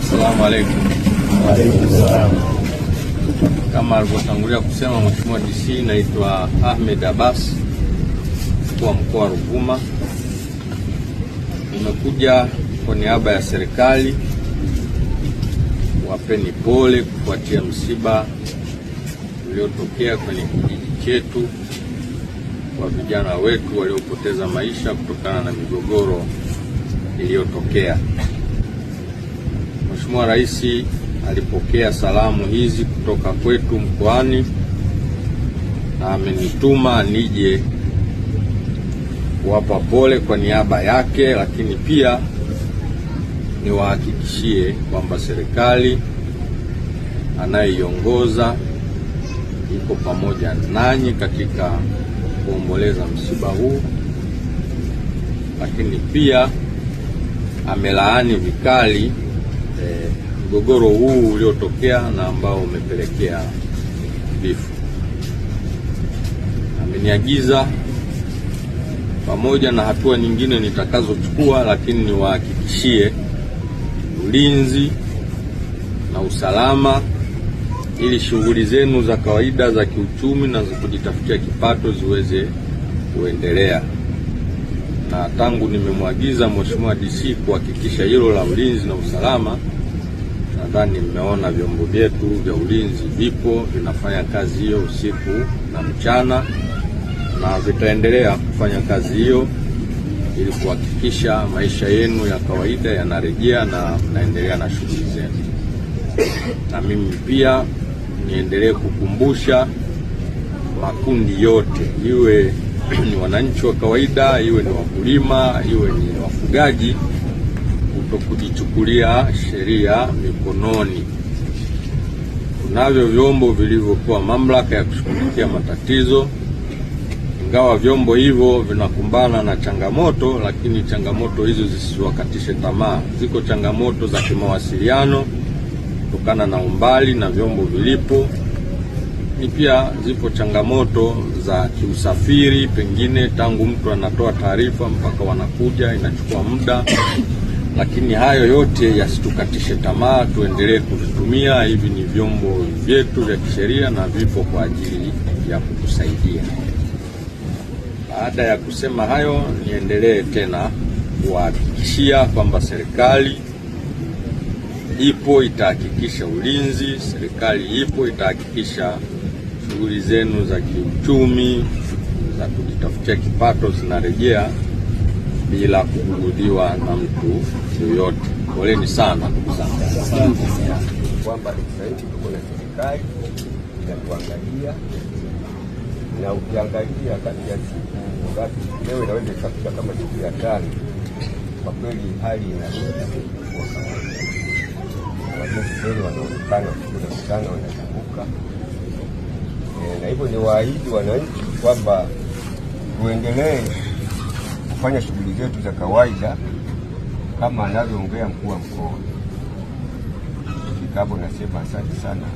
Asalamu alaikum. Kama alivyotangulia kusema mheshimiwa DC, naitwa Ahmed Abbas, kwa mkoa wa Ruvuma. Nimekuja kwa niaba ya serikali wapeni pole kufuatia msiba uliotokea kwenye kijiji chetu kwa vijana wetu waliopoteza maisha kutokana na migogoro iliyotokea. Mheshimiwa Rais alipokea salamu hizi kutoka kwetu mkoani na amenituma nije kuwapa pole kwa niaba yake, lakini pia niwahakikishie kwamba serikali anayeiongoza iko pamoja nanyi katika kuomboleza msiba huu, lakini pia amelaani vikali Eh, mgogoro huu uliotokea na ambao umepelekea vifo. Ameniagiza pamoja na hatua nyingine nitakazochukua, lakini niwahakikishie ulinzi na usalama ili shughuli zenu za kawaida za kiuchumi na za kujitafutia kipato ziweze kuendelea na tangu nimemwagiza Mheshimiwa DC kuhakikisha hilo la ulinzi na usalama, nadhani mmeona vyombo vyetu vya ulinzi vipo vinafanya kazi hiyo usiku na mchana, na vitaendelea kufanya kazi hiyo ili kuhakikisha maisha yenu ya kawaida yanarejea na mnaendelea na shughuli zenu. Na mimi pia niendelee kukumbusha makundi yote iwe ni wananchi wa kawaida, iwe ni wakulima, iwe ni wafugaji, kutokujichukulia sheria mikononi. kunavyo vyombo vilivyopewa mamlaka ya kushughulikia matatizo, ingawa vyombo hivyo vinakumbana na changamoto, lakini changamoto hizo zisiwakatishe tamaa. Ziko changamoto za kimawasiliano kutokana na umbali na vyombo vilipo lakini pia zipo changamoto za kiusafiri, pengine tangu mtu anatoa taarifa mpaka wanakuja inachukua muda lakini hayo yote yasitukatishe tamaa, tuendelee kuvitumia. Hivi ni vyombo vyetu vya kisheria na vipo kwa ajili ya kutusaidia. Baada ya kusema hayo, niendelee tena kuhakikishia kwamba serikali ipo, itahakikisha ulinzi. Serikali ipo, itahakikisha shughuli zenu za kiuchumi za kujitafutia kipato zinarejea bila kubughudhiwa na mtu yoyote. Poleni sana ndugu zangu, kwamba tuko na serikali inatuangalia na ukiangalia kati ya siku ngapi leo inaweza ikafika kama siku ya tano. Kwa kweli hali inarudi kwa kawaida, wanaonekana wanazunguka na hivyo ni waahidi wananchi kwamba tuendelee kufanya shughuli zetu za kawaida kama anavyoongea mkuu wa mkoa. Kikapo nasema asante sana.